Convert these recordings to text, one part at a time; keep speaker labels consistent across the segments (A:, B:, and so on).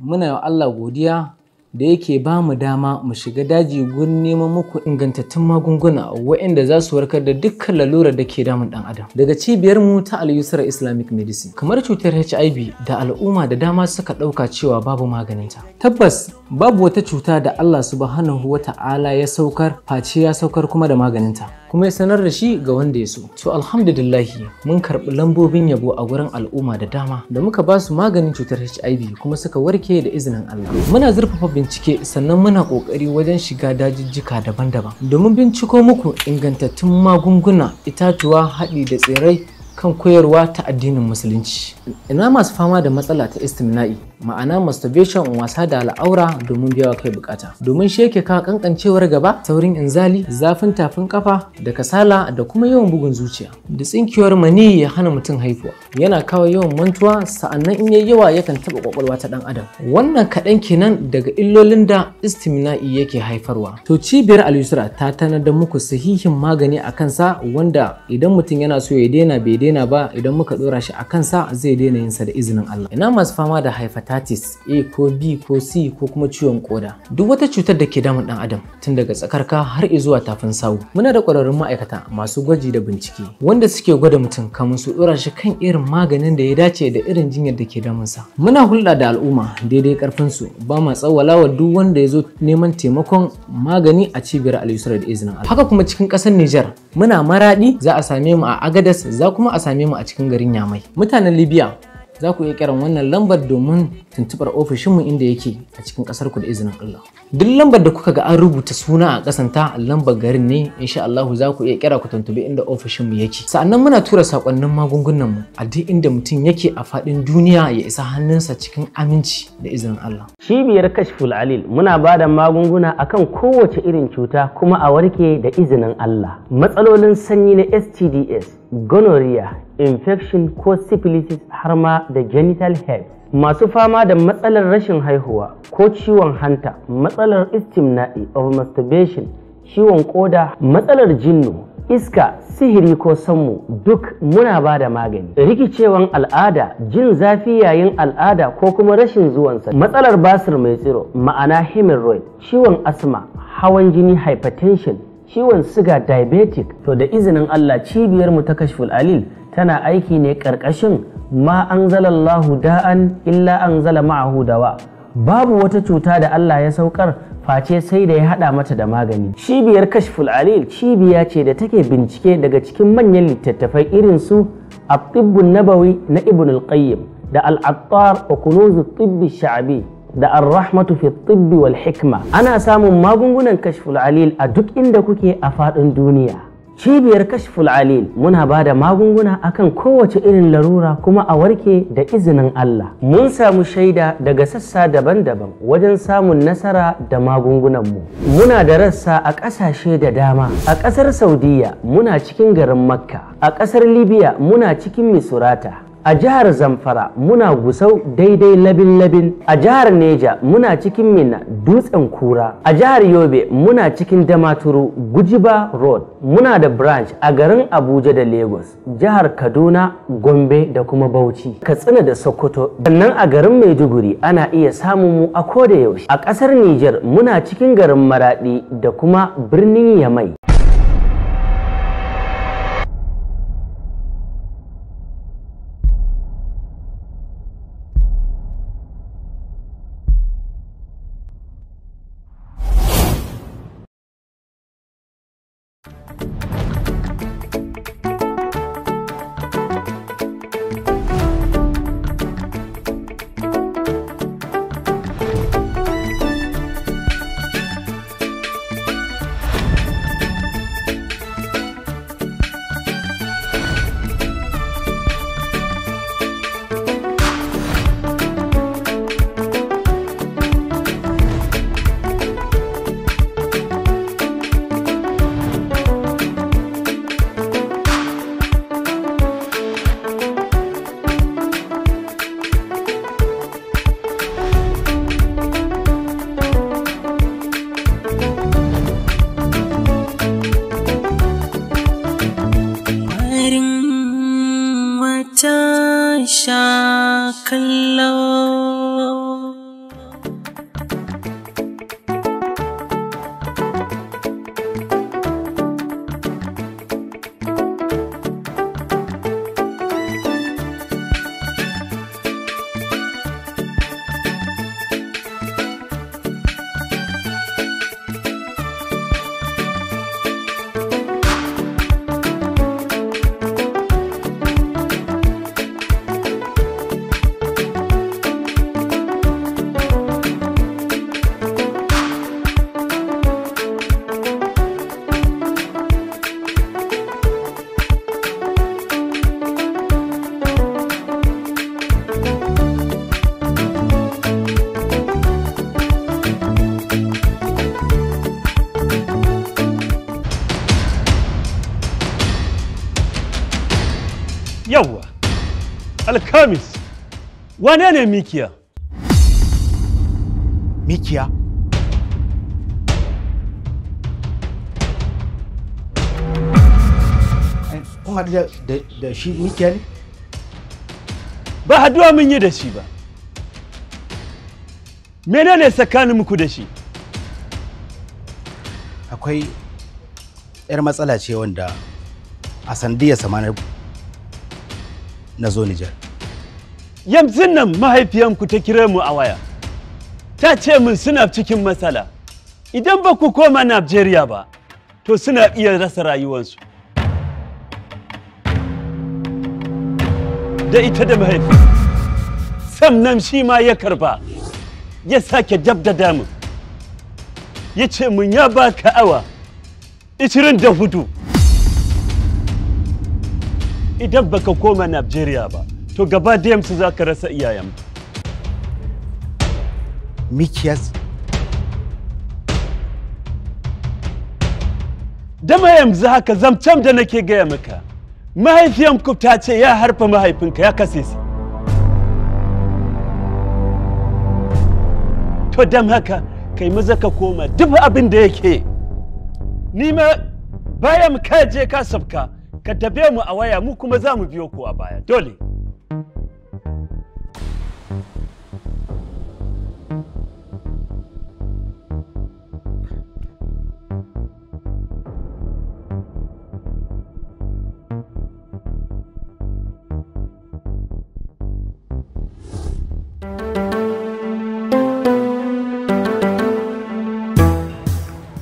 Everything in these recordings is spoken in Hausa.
A: Muna wa Allah godiya da yake ba mu dama mu shiga daji gurin neman muku ingantattun magunguna waɗanda za su warkar da dukkan lalurar da ke damun ɗan adam. Daga cibiyar mu ta Al-Yusra Islamic Medicine, kamar cutar HIV da al'umma da dama suka ɗauka cewa babu maganinta. Tabbas babu wata cuta da Allah subhanahu wa ta'ala ya saukar face ya saukar kuma da maganinta kuma ya sanar da shi ga wanda ya so to alhamdulillahi mun karɓi lambobin yabo a wurin al'umma da dama da muka ba su maganin cutar HIV kuma suka warke da izinin Allah muna zurfafa bincike sannan muna ƙoƙari wajen shiga dajijjika daban-daban domin binciko muku ingantattun magunguna itatuwa haɗi da tsirai kan koyarwa ta addinin musulunci ina masu fama da matsala ta istimna'i ma'ana masturbation wasa da al'aura domin biyawa kai bukata domin sheke ka kankancewar gaba taurin inzali zafin tafin kafa da kasala da kuma yawan bugun zuciya da tsinkiyar mani ya hana mutum haifuwa yana kawo yawan mantuwa sa'annan in yayi yawa yakan taba kwakwalwa ta dan adam wannan kaɗan kenan daga illolin da istimna'i yake haifarwa to cibiyar al-yusra ta tanar da muku sahihin magani a kansa wanda idan mutum yana so ya daina bai daina ba idan muka dora shi a kansa zai zai daina yin sa da izinin Allah ina masu fama da hepatitis A ko B ko C ko kuma ciwon koda duk wata cutar da ke damun dan adam tun daga tsakarka har zuwa tafin sawu muna da kwararrun ma'aikata masu gwaji da bincike wanda suke gwada mutum kamar su dora shi kan irin maganin da ya dace da irin jinyar da ke damun sa muna hulɗa da al'umma daidai karfin su ba ma tsawalawa duk wanda ya zo neman taimakon magani a cibiyar Al-Yusra da izinin Allah haka kuma cikin ƙasar Niger muna maraɗi za a same mu a agadas za kuma a same mu a cikin garin yamai mutanen libya za ku iya kiran wannan lambar domin tuntubar ofishinmu inda yake a cikin ƙasarku da izinin allah duk lambar da kuka ga an rubuta suna a kasanta lambar garin ne insha Allah za ku iya kira ku tantube inda ofishin mu yake sa'annan muna tura sakonnin magungunan mu a duk inda mutum yake a fadin duniya ya isa hannunsa cikin aminci da izinin Allah cibiyar kashful alil muna ba da magunguna akan kowace irin cuta kuma a
B: warke da izinin Allah matsalolin sanyi na STDs gonorrhea infection ko syphilis har ma da genital herpes masu fama da matsalar rashin haihuwa ko ciwon hanta matsalar istimna'i of masturbation ciwon koda matsalar jinnu iska sihiri ko sammu duk muna ba da magani rikicewan al'ada jin zafi yayin al'ada ko kuma rashin zuwan zuwansa matsalar basir mai tsiro ma'ana hemorrhoid ciwon asma hawan jini hypertension ciwon suga diabetic to da izinin allah cibiyarmu ta kashful alil tana aiki ne ƙarƙashin ma an zalallahu da'an illa an zala ma'ahu dawa babu wata cuta da Allah ya saukar face sai da ya haɗa mata da magani cibiyar kashful alil cibiya ce da take bincike daga cikin manyan littattafai irin su abdibbun nabawi na ibn al-qayyim da al-attar wa tibbi sha'abi da ar-rahmatu fi tibbi wal hikma ana samun magungunan kashful alil a duk inda kuke a faɗin duniya cibiyar kashful alil muna ba da magunguna akan kowace irin larura kuma a warke da izinin Allah mun samu shaida daga sassa daban-daban wajen samun nasara da magungunanmu muna da rassa a ƙasashe da dama a ƙasar saudiya muna cikin garin makka a ƙasar libya muna cikin misurata a jihar zamfara muna gusau daidai labin-labin a jihar neja muna cikin minna dutsen kura a jihar yobe muna cikin damaturu gujiba road muna da branch a garin abuja da lagos jihar kaduna gombe da kuma bauchi katsina da sokoto sannan a garin maiduguri ana iya samun mu a koda yaushe a ƙasar Nijar, muna cikin garin maradi da kuma birnin yamai
C: yawwa alkamis wane ne mikiya
D: mikiya kun haɗu da shi mikiya ne
C: ba haduwa mun yi da shi ba
D: menene tsakanin muku da shi akwai 'yar matsala ce wanda a sandiyar samanar na zo Nijar.
C: Yanzu nan mahaifiyanku ta kira mu a waya. Ta ce min suna cikin matsala. Idan ba ku koma Najeriya ba, to suna iya rasa rayuwarsu. Da ita da mahaifi. nan shi ma ya karba, ya sake dab da damu. Ya ce mun ya baka awa, ishirin da hudu. idan baka koma Najeriya ba to gaba da su za ka rasa iyayen
D: Mikiyas
C: Dama yanzu haka zamcam da nake gaya maka mahaifiyanku ta ce ya harfa mahaifinka ya kase su to don haka kai maza ka koma duk abin da yake ni ma bayan ka je ka sabka ka tafe mu a waya mu kuma za mu biyo ku a baya dole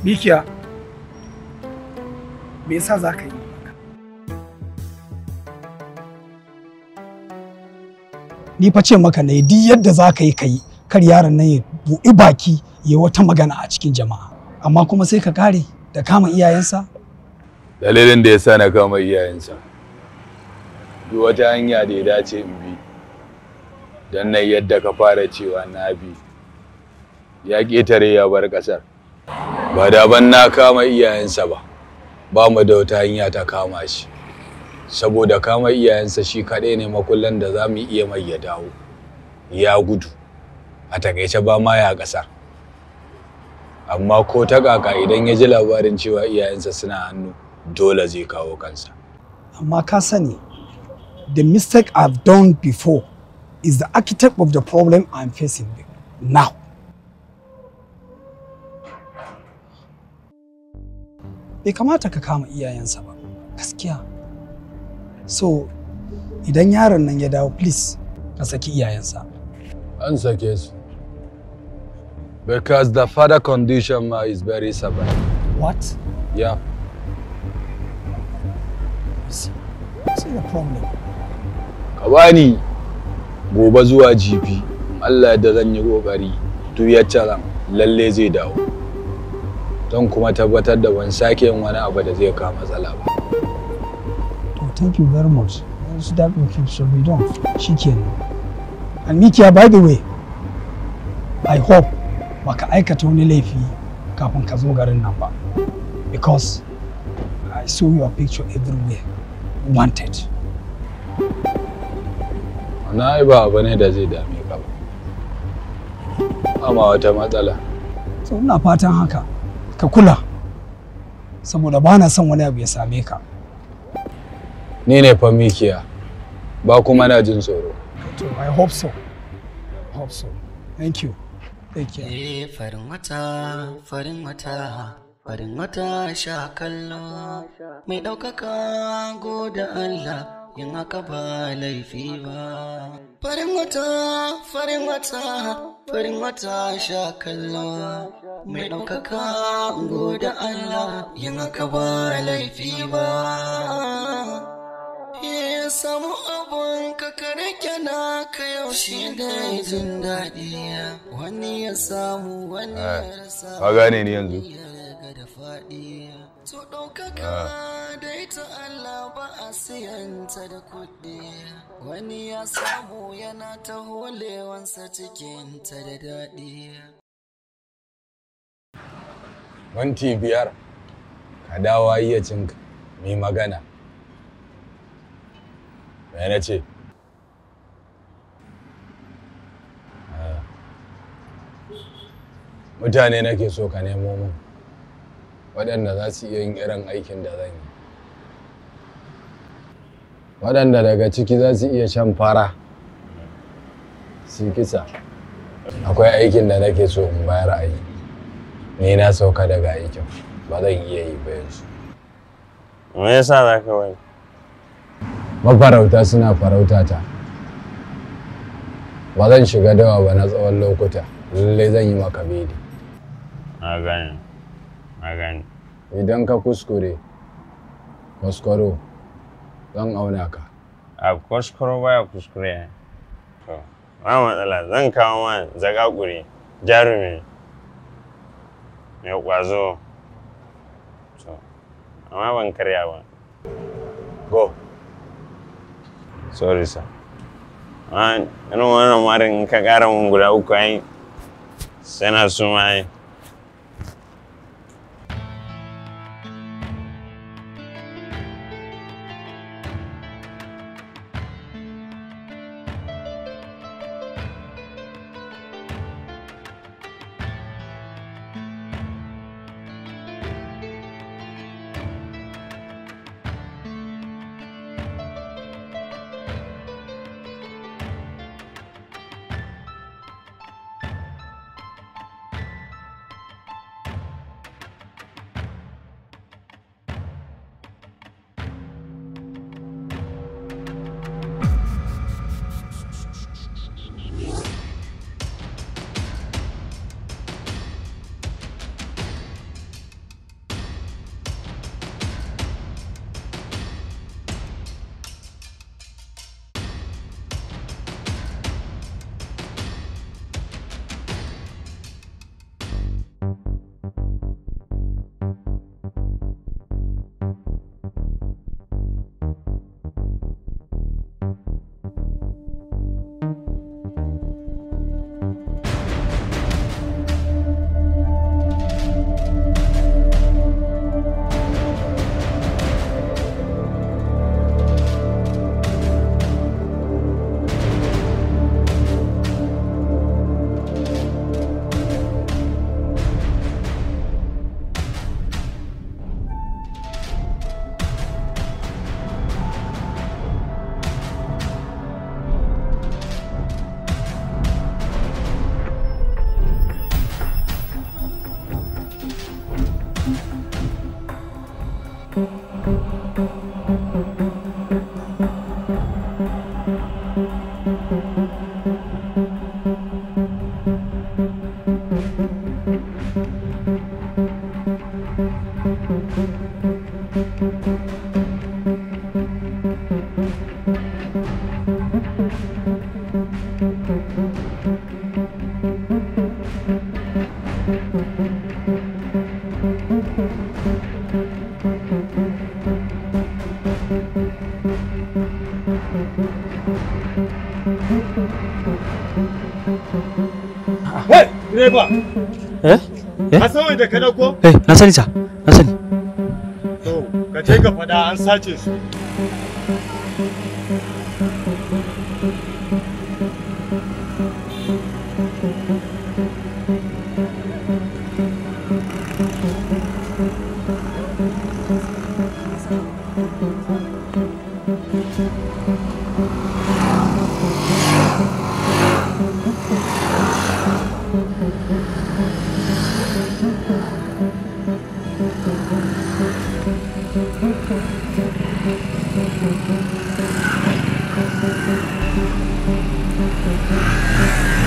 E: Mikiya, me sa za ka yi? ni fa ce maka ne duk yadda za ka yi ka kar yaron nan ya buɗe baki ya wata magana a cikin jama'a amma kuma sai ka kare da kama
F: iyayensa dalilin da ya sa na kama iyayensa duk wata hanya da ya dace in bi don nan yadda ka fara cewa na bi ya ƙetare ya bar ƙasar ba da ban na kama iyayensa ba ba mu da wata hanya ta kama shi saboda kama iyayensa shi kaɗai ne makullan da za mu iya mai ya dawo ya gudu a takaice ba ma ya ƙasa amma ko ta kaka idan ya ji labarin cewa iyayensa suna hannu dole zai kawo kansa
E: amma ka sani the mistake i've done before is the architect of the problem i'm facing now bai kamata ka kama iyayensa ba gaskiya so idan yaron nan ya dawo please ka saki iyayensa
F: an sake su because the father condition ma is very severe what yeah see,
E: the problem
F: gobe zuwa jibi Allah da zan yi kokari to ya lalle zai dawo don kuma tabbatar da ban sake yin wani abu da zai kawo matsala ba
E: thank you very much so that will keep so we don't She can. and Mikia, uh, by the way i hope Maka Aika Tony Levy kafin ka number. because i saw your picture everywhere wanted
F: na ai ba abu ne da zai dame ka ba amma wata matsala
E: so ina fatan haka ka kula saboda ba na son wani abu ya same ka
F: Ni ne fa mikiya. Ba kuma na jin tsoro.
B: To I hope so. I hope so. Thank you. Thank you. Eh farin wata, farin wata. Farin wata sha kallo mai ɗaukaka goda Allah. in haka ba laifi ba. Farin wata, farin wata, farin wata sha kallo, mai ɗaukaka goda Allah
G: in haka ba laifi ba.
B: ya samu abun ka karke na ka shi ne jin daɗi wani ya samu wani ya ah,
F: rasa gane ni yanzu to ɗaukaka
B: ah. da ita Allah ba a siyanta da kuɗi wani ya samu yana ta holewansa da daɗi
F: wanti biyar ka dawa iya cinka mai magana Me na ce? Ah. Mutane nake so ka nemo min waɗanda za su iya yin irin aikin da zan yi. Waɗanda daga ciki za su iya shan fara su kisa. Akwai aikin da nake so in bayar a yi. Ni na sauka daga aikin ba zan iya yi ba yanzu.
H: Me yasa za ka wani?
F: mafarauta suna farauta ta ba zan shiga dawa ba na tsawon lokuta lallai zan yi maka
H: bidi na gani na gani idan ka
F: kuskure kuskuro zan auna ka
H: a ba baya kuskure to ba matsala zan kawo ma zakakure jarumi mai kwazo amma ban karya ba go sorry sir ah, irin wannan marin ka kara mun guda uku ai sai na su ma
I: eh na sani sa na sani
J: to ka je ka fada an sace su
G: Thank you.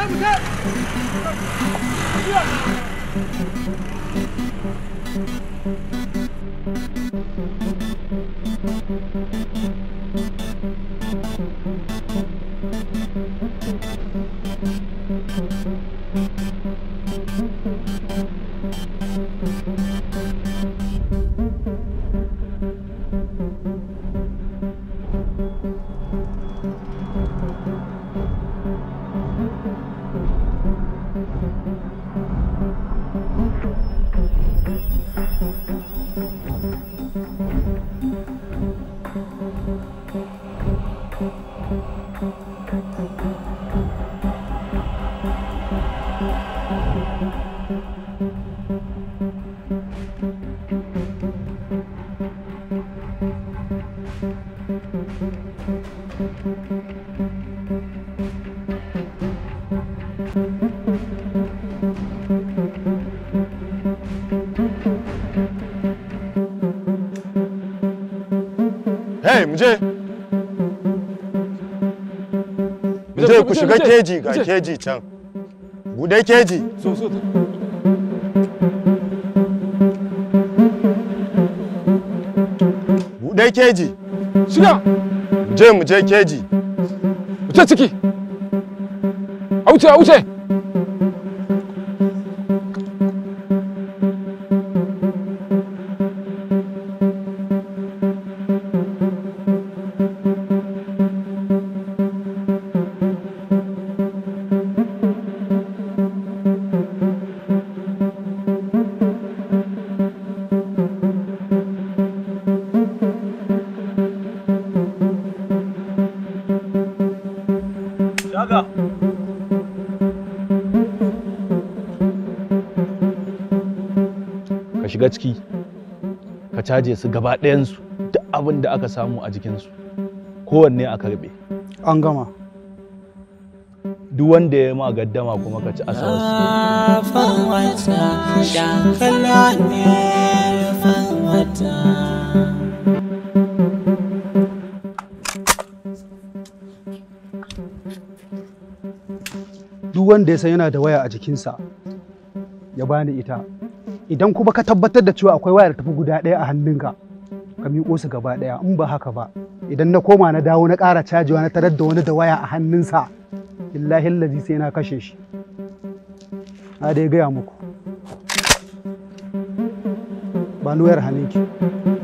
J: 五千！
C: je je ku shiga keji ga keji can bude keji so so bude keji shiga muje mu keji
J: wuce ciki a wuce a wuce
C: ka shiga ciki ka caje su gaba ɗayansu duk abin da aka samu a jikinsu kowanne a karɓe an gama duk wanda ya ma gaddama kuma ka ci asawarsu
I: duk wanda ya san yana da waya a jikinsa ya bani ita idan kuma ka tabbatar da cewa akwai wayar tafi guda ɗaya a hannunka ka miƙo su gaba ɗaya in ba haka ba idan na koma na dawo na ƙara cajiwa na tarar da wani da waya a hannunsa illahi lazi sai na kashe shi na dai gaya muku ba wayar hannunki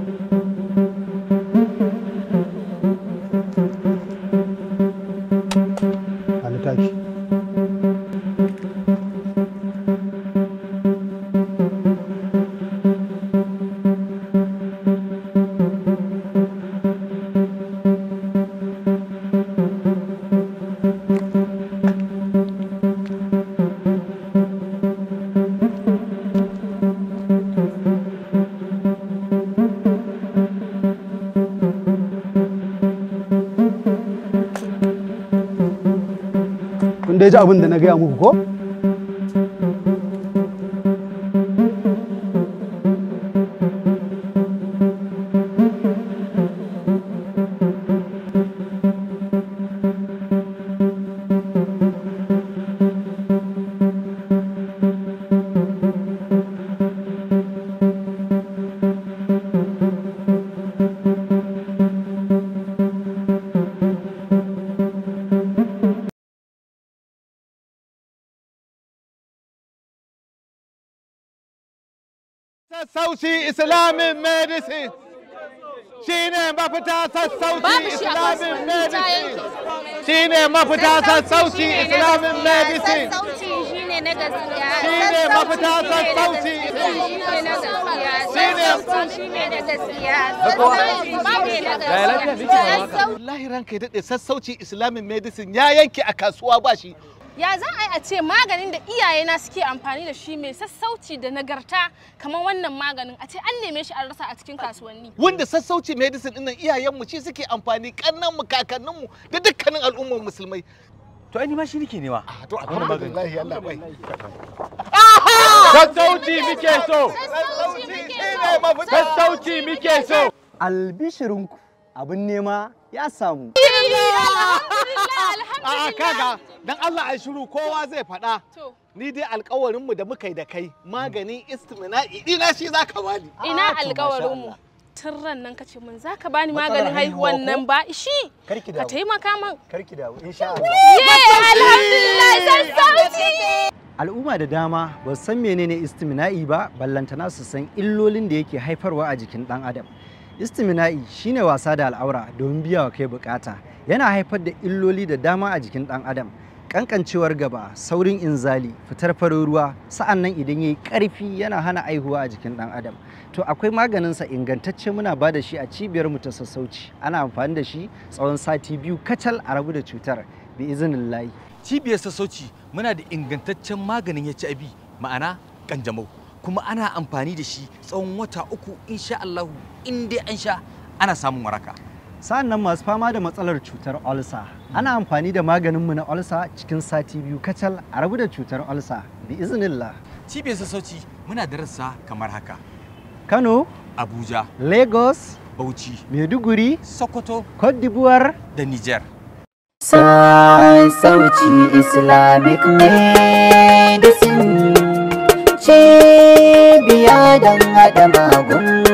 I: abin da na gaya muku ko
G: Islamin
D: medicine. shine mafita sassauci Islamin medicine. Shi ne mafita sassauci Islamin medicine. sassauci Shi
B: shine mafita sassauci Islamin medicine. Shi shine mafita sassauci Islamin medicine. Shi ne
D: mafita sassauci Islamin medicine. Ya yanke a kasuwa ba shi. ya za a yi a ce maganin da iyayena suke amfani da shi mai sassauci da nagarta kamar wannan maganin a ce an neme shi an rasa a cikin kasuwanni wanda sassauci medicine dinnan iyayenmu shi suke amfani kannan mu mu da dukkanin al'ummar musulmai to ai ni ma shi nake nema a ah, to lahi Allah bai
K: sassauci muke so sassauci muke so albishirinku abin nema ya samu
G: a kaga
D: dan Allah ai shiru kowa zai faɗa ni dai alƙawarinmu da muka yi da kai maganin istimina'i ina shi za ka bani ina ah, alƙawarinmu. tun ran nan kace mun za ka bani maganin haihuwan nan ba shi ka taimaka man
G: karki dawo insha
D: Allah
F: ye
G: alhamdulillah san sauti
D: al'umma da dama ba san menene istimina'i ba ballantana su san illolin da yake haifarwa a jikin dan adam Istimina'i shine wasa da al'aura domin biya wa kai bukata. Yana haifar da illoli da dama a jikin ɗan adam. Kankancewar gaba, saurin inzali, fitar farin ruwa, sa'an nan idan ya yi ƙarfi yana hana aihuwa a jikin ɗan adam. To akwai maganinsa ingantacce muna ba da shi a cibiyar mu ta sassauci. Ana amfani da shi tsawon sati biyu kacal a rabu da cutar bi izinin layi. Cibiyar sassauci muna da ingantaccen maganin HIV ma'ana kanjamau kuma ana amfani da shi tsawon wata uku insha Allah in dai an sha ana samun waraka sa'an nan masu fama da matsalar cutar olsa ana amfani da maganinmu na olsa cikin sati biyu kacal a rabu da cutar olsa bi iznillah
K: cibiyar sassauci muna da rassa kamar haka kano abuja
D: lagos bauchi maiduguri sokoto cote d'ivoire da niger sauci islamic medicine
B: cibiya don magunguna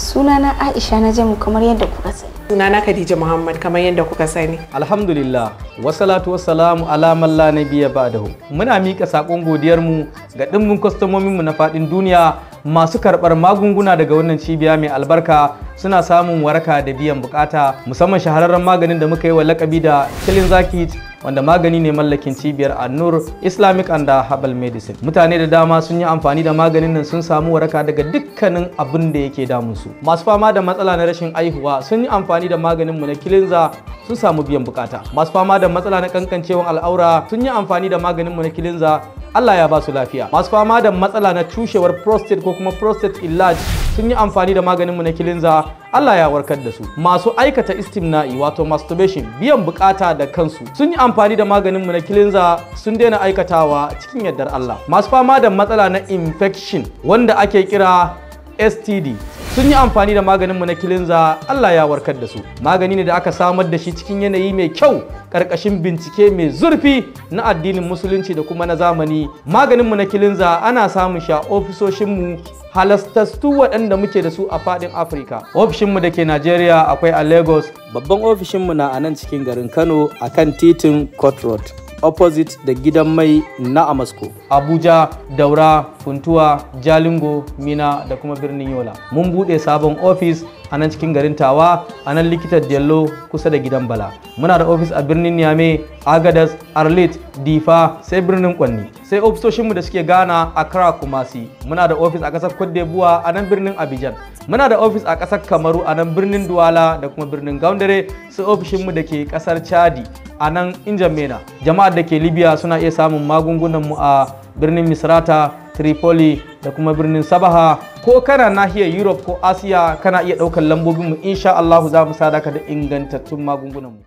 B: Sunana Aisha na Jamu kamar yadda kuka sani.
A: Sunana Khadija Muhammad kamar yadda kuka sani.
K: Alhamdulillah, wasalatu wasalamu ala man la nabiyya ba'dahu. Muna mika sakon godiyar mu ga dimbin kwastomomin mu na fadin duniya masu karbar magunguna daga wannan cibiya mai albarka suna samun waraka da biyan bukata musamman shahararren maganin da muka yi wa lakabi da killing zakit wanda magani ne mallakin cibiyar annur islamic and herbal medicine mutane da dama sun yi amfani da maganin nan sun samu waraka daga dukkanin abin da yake damun su. masu fama da matsala na rashin aihuwa sun yi amfani da maganin mu na kilinza sun samu biyan bukata masu fama da matsala na kankancewan al'aura sun yi amfani da maganin mu na kilinza Allah ya ba su lafiya masu fama da matsala na cushewar prostate ko kuma prostate enlarge sun yi amfani da maganin mu na kilinza Allah ya warkar da su masu aikata istimna'i wato masturbation biyan bukata da kansu sun yi amfani da maganin mu na kilinza sun daina aikatawa cikin yardar Allah masu fama da matsala na infection wanda ake kira STD sun yi amfani da maganinmu na kilinza Allah ya warkar da su magani ne da aka samar da shi cikin yanayi mai kyau ƙarƙashin bincike mai zurfi na addinin musulunci da kuma na zamani maganinmu na kilinza ana samun shi a ofisoshinmu halastattu waɗanda muke da su a faɗin afirka ofishinmu da ke najeriya akwai a lagos babban ofishinmu na a nan cikin garin kano akan titin court road opposite da gidan mai na Amasko. Abuja, Daura, Funtuwa, Jalingo, Mina da kuma birnin Yola. Mun buɗe sabon ofis a nan cikin garin Tawa, a nan likitar Dello kusa da gidan Bala. Muna da ofis a birnin Niame, Agadas, Arlit, Difa, sai birnin Kwanni. Sai ofisoshinmu da suke Ghana, Accra, Kumasi. Muna da ofis a ƙasar Cote a nan birnin Abidjan. muna da ofis a ƙasar kamaru a nan birnin duwala da kuma birnin gaundare su ofishinmu da ke ƙasar chadi a nan injamena jama'ar da ke libya suna iya samun magungunanmu a birnin misrata Tripoli da kuma birnin Sabaha ko kana nahiyar Europe ko Asiya kana iya ɗaukar lambobinmu insha Allahu za mu sa da ingantattun magungunanmu.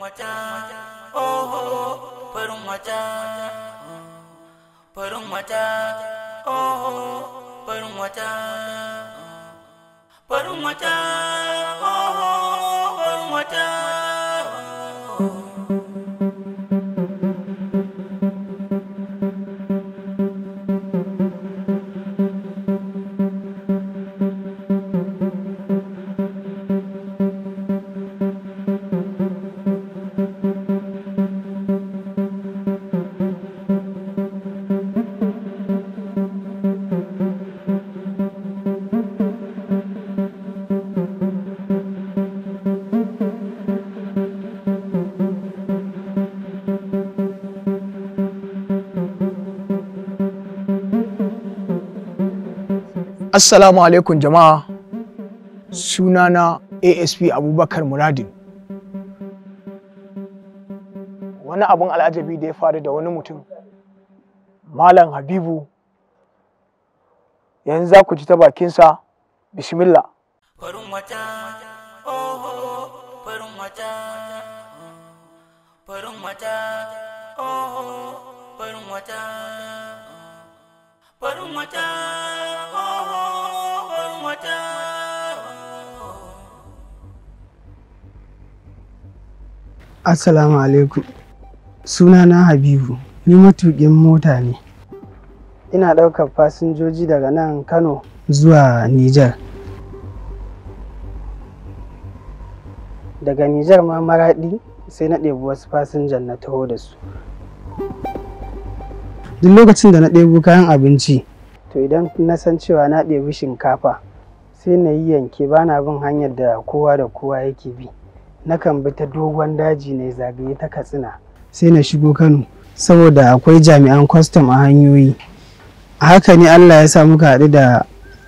B: wata,
G: wata.
B: farin wata oh farin wata farin wata oh farin wata
J: Assalamu alaikum jama'a sunana ASP Abubakar Muradin. Wani abin al'ajabi da ya faru da wani mutum, Malam Habibu, yanzu za ku ji ta bakinsa, Bismillah. Farin wata, oho,
B: farin wata, farin wata, farin wata.
I: Assalamu alaikum. Sunana Habibu, ni matuƙin mota ne. Ina ɗaukar fasinjoji daga nan Kano zuwa Nijar. Daga Nijar ma maraɗi sai na ɗebi wasu fasinjan na taho da su. Duk lokacin da na ɗebo kayan abinci, to idan na san cewa na ɗebi shinkafa sai na yi yanke bana bin hanyar da kowa da kowa yake bi. nakan bi ta dogon daji ne zagaye ta katsina sai na shigo kano saboda akwai jami'an kwastam a hanyoyi haka ne allah ya sa muka haɗu da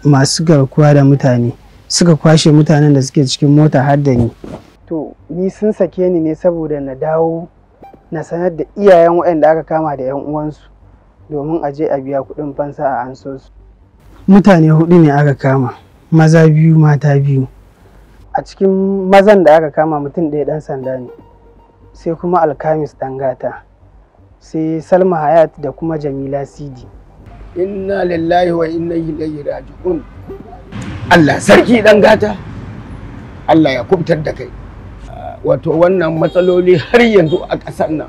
I: masu garkuwa da mutane suka kwashe mutanen da suke cikin mota har da ni to ni sun sake ni ne saboda na dawo na sanar da iyayen waɗanda aka kama da 'yan uwansu domin a je a biya kuɗin fansa a anso mutane hudu ne aka kama maza biyu mata biyu a cikin mazan da aka kama mutum ɗaya ɗan sanda ne sai kuma alkamis gata sai salma hayat da kuma jamila
D: sidi inna lillahi wa inna ilaihi raji'un allah sarki gata allah ya kubtar da kai wato wannan matsaloli har yanzu a ƙasar nan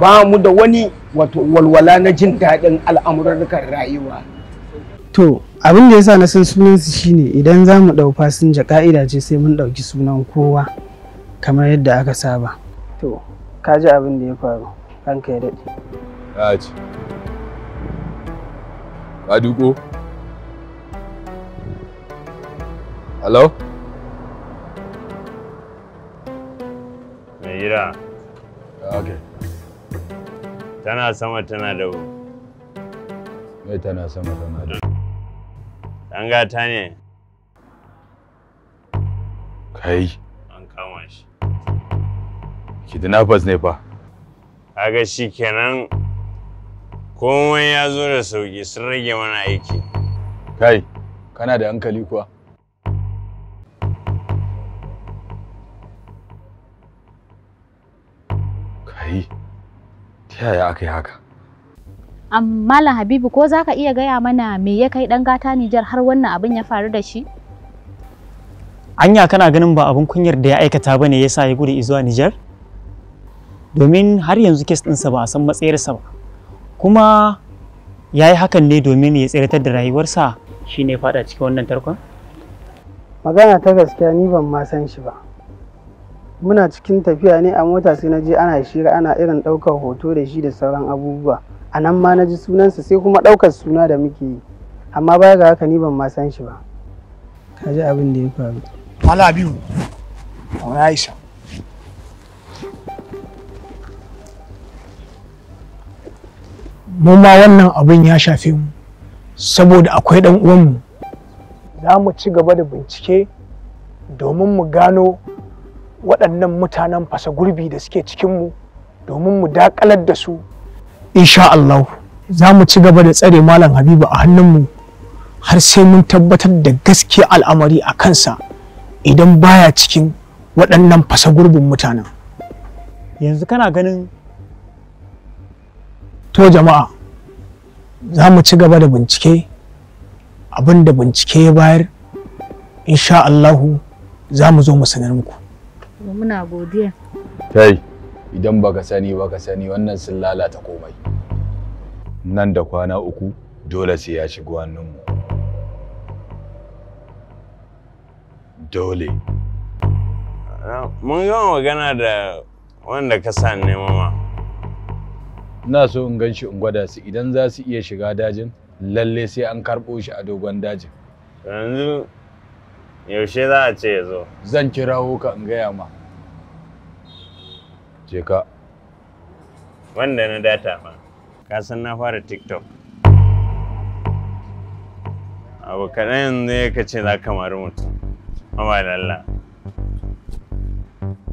D: ba mu da wani wato walwala na jin daɗin al'amuran rayuwa
I: to abin da yasa na san sunansu shine idan za mu ɗau fasinja ka'ida ce sai mun ɗauki sunan kowa kamar yadda aka saba to ka ji abin da ya faru ranka ya daɗe ka ci
F: ka duko
H: hello mai gida okay tana sama tana da mai tana sama tana da Dan gata ne. Kai. An kama shi.
F: Kidnappers ne fa.
H: Kaga shi kenan komai ya zo da sauki sun rage mana aiki. Kai, kana da hankali
F: kuwa? Kai, ta yaya aka yi haka?
I: Malam Habibu ko za ka iya gaya mana me ya kai ɗan gata Nijar har wannan abin ya faru da shi?
B: Anya kana ganin ba abin kunyar da ya aikata ba ne ya sa ya gudu zuwa Nijar? Domin har yanzu kes ɗinsa ba a san matsayarsa ba. Kuma ya yi hakan ne domin ya tseratar da rayuwarsa shi ne faɗa cikin wannan tarkon?
I: Magana ta gaskiya ni ban ma san shi ba. Muna cikin tafiya ne a mota sai na je ana shira ana irin ɗaukar hoto da shi da sauran abubuwa. a nan ma na ji sunansa sai kuma ɗaukar suna da muke yi amma baya ga haka ni ban ma san shi ba
J: ka abin da ya faru mala biyu wani aisha mu ma wannan abin ya shafe mu saboda akwai ɗan uwanmu za mu ci gaba da bincike domin mu gano waɗannan mutanen fasa gurbi da suke cikinmu domin mu dakalar da su insha Allah za mu ci gaba da tsare malam habibu a hannun mu har sai mun tabbatar da gaskiya al'amari a kansa idan baya cikin waɗannan fasa gurbin mutanen yanzu kana ganin to jama'a za mu ci gaba da bincike abin da bincike ya bayar insha Allahu za mu zo mu sanar muku
B: muna godiya
F: idan baka sani baka sani wannan sun lalata komai nan da kwana uku dole sai ya shigo hannunmu dole
H: mun gama magana da wanda ka sa nema ma ina so in gan
F: shi in gwada su idan za su iya shiga dajin lalle sai an karɓo shi a dogon dajin yanzu
H: yaushe za a ce ya zo zan kirawo ka in gaya ma je ka wanda na data ma ka san na fara tiktok abu kaɗan zai ka ce za ka mari mutum amma lalla Allah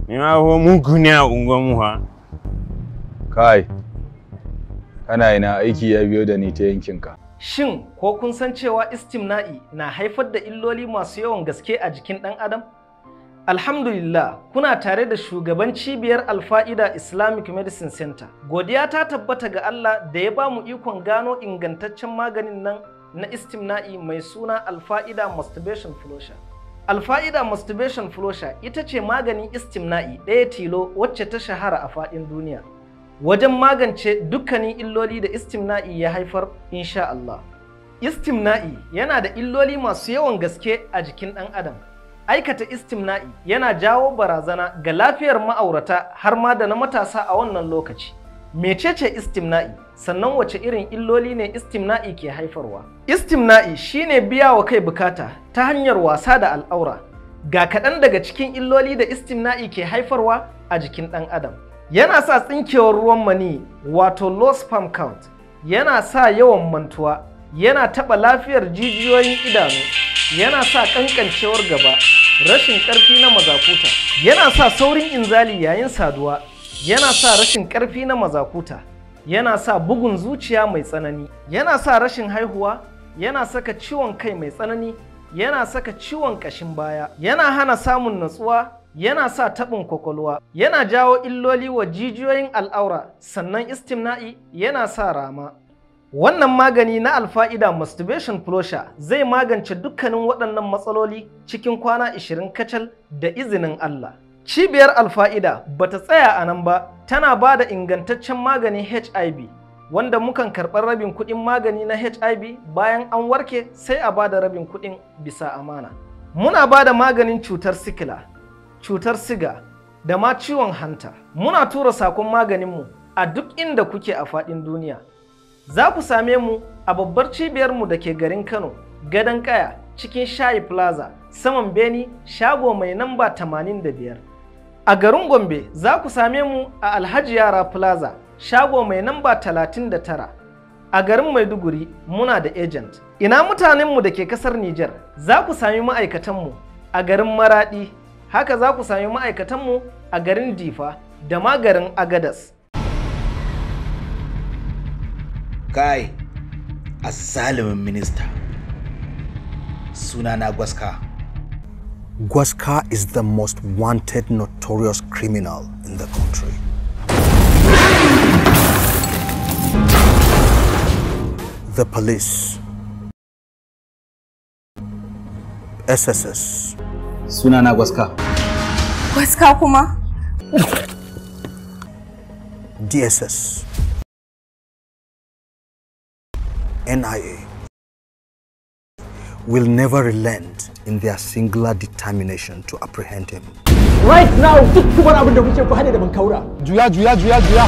H: ni ma ko mugu ne a unguwar mu ha kai kana ina
F: aiki ya biyo da ni ta yankinka
D: shin ko kun san cewa istimna'i na haifar da illoli masu yawan gaske a jikin ɗan adam Alhamdulillah kuna tare da shugaban cibiyar Alfa'ida Islamic Medicine Center. Godiya ta tabbata ga Allah da ya bamu ikon gano ingantaccen maganin nan na istimna'i mai suna Alfa'ida Masturbation Flusher. Alfa'ida Masturbation Flusher ita ce maganin istimna'i ɗaya tilo wacce ta shahara a faɗin duniya. Wajen magance dukkanin illoli da istimna'i ya haifar insha Allah. Istimna'i yana da illoli masu yawan gaske a jikin ɗan adam. Aikata istimna'i yana jawo barazana ga lafiyar ma'aurata har ma da na matasa a wannan lokaci. Mecece istimna'i sannan wace irin illoli ne istimna'i ke haifarwa? Istimna'i shine biya wa kai bukata ta hanyar wasa da al'aura. Ga kaɗan daga cikin illoli da istimna'i ke haifarwa a jikin ɗan adam. Yana sa tsinkewar ruwan mani wato low sperm count, yana sa yawan mantuwa, yana taɓa lafiyar jijiyoyin idanu. yana sa kankancewar gaba rashin ƙarfi na mazakuta yana sa saurin inzali yayin saduwa yana sa rashin ƙarfi na mazakuta yana sa bugun zuciya mai tsanani yana sa rashin haihuwa yana saka ciwon kai mai tsanani yana saka ciwon ƙashin baya yana hana samun natsuwa yana sa taɓin kwakwalwa yana jawo illoli wa jijiyoyin al'aura sannan istimna'i yana sa rama Wannan magani na alfa'ida masturbation closure zai magance dukkanin waɗannan matsaloli cikin kwana 20 kacal da izinin Allah. Cibiyar alfa'ida ba ta tsaya a nan ba, tana ba da ingantaccen maganin HIV, wanda mukan karɓar rabin kuɗin magani na HIV bayan an warke sai a ba da rabin kuɗin bisa amana. Muna ba da maganin cutar sikila, cutar siga, da ma ciwon hanta. Muna tura sakon maganinmu a duk inda kuke a faɗin duniya. Za ku same mu a babbar cibiyarmu da ke garin Kano, Gadon Kaya, cikin Shayi Plaza, saman Beni, shago mai namba 85. A garin Gombe za ku same mu a Alhaji Yara Plaza, shago mai namba 39. A garin Maiduguri muna da agent. Ina mutanenmu da ke kasar Nijar za ku sami ma'aikatanmu a garin Maradi, haka za ku sami ma'aikatanmu a garin Difa da ma garin Agadas. kai a azzalumin minista sunana gwaska
J: gwaska is the most wanted notorious criminal in the country
D: the police sss sunana gwaska gwaska kuma dss
B: NIA will never relent
D: in their singular determination to apprehend him.
J: Right now, duk kuma abin da kuke ku hade da bankaura. Juya juya juya juya.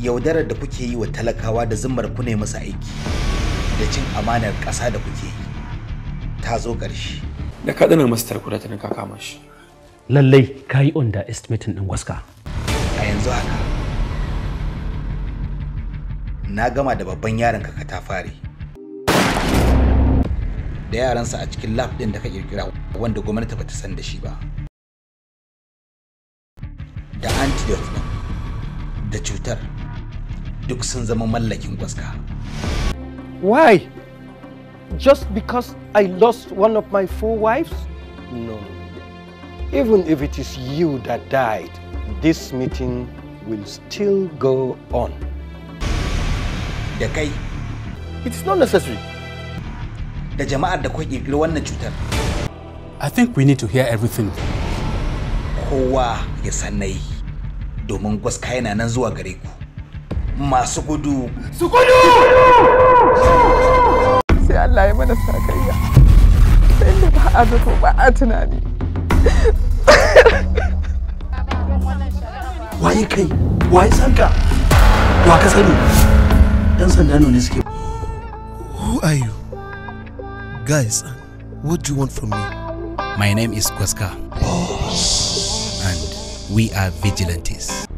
D: Yaudarar da kuke yi wa talakawa da zimmar ku ne masa aiki da cin amanar ƙasa da kuke yi ta zo ƙarshe. Da kaɗanar masu tarkuda ta kama
C: lallai ka yi onda
B: estimating ɗin
D: waska a yanzu haka na gama da babban yaron ka ta fare da yaransa a cikin lab ɗin da ka kirkira wanda gwamnati bata san da shi ba da antidote ɗin da cutar duk sun zama mallakin gwaska why just because i lost one of my four wives no Even if it is you that died, this meeting will still go on. Da kai. It is not necessary. Da jama'ar da kuka kirkiri wannan cutar.
C: I think we need to hear
D: everything. Kowa ya sanayi domin gwaska yana nan zuwa gare ku. Masu gudu. Su gudu! Sai Allah ya mana sakayya.
E: Sai da ba a zato ba a tunani.
C: waye kai waye sanka wa ka sani yan sanda ne suke who are you guys what do you want from me
D: my name is kwaska and we are vigilantes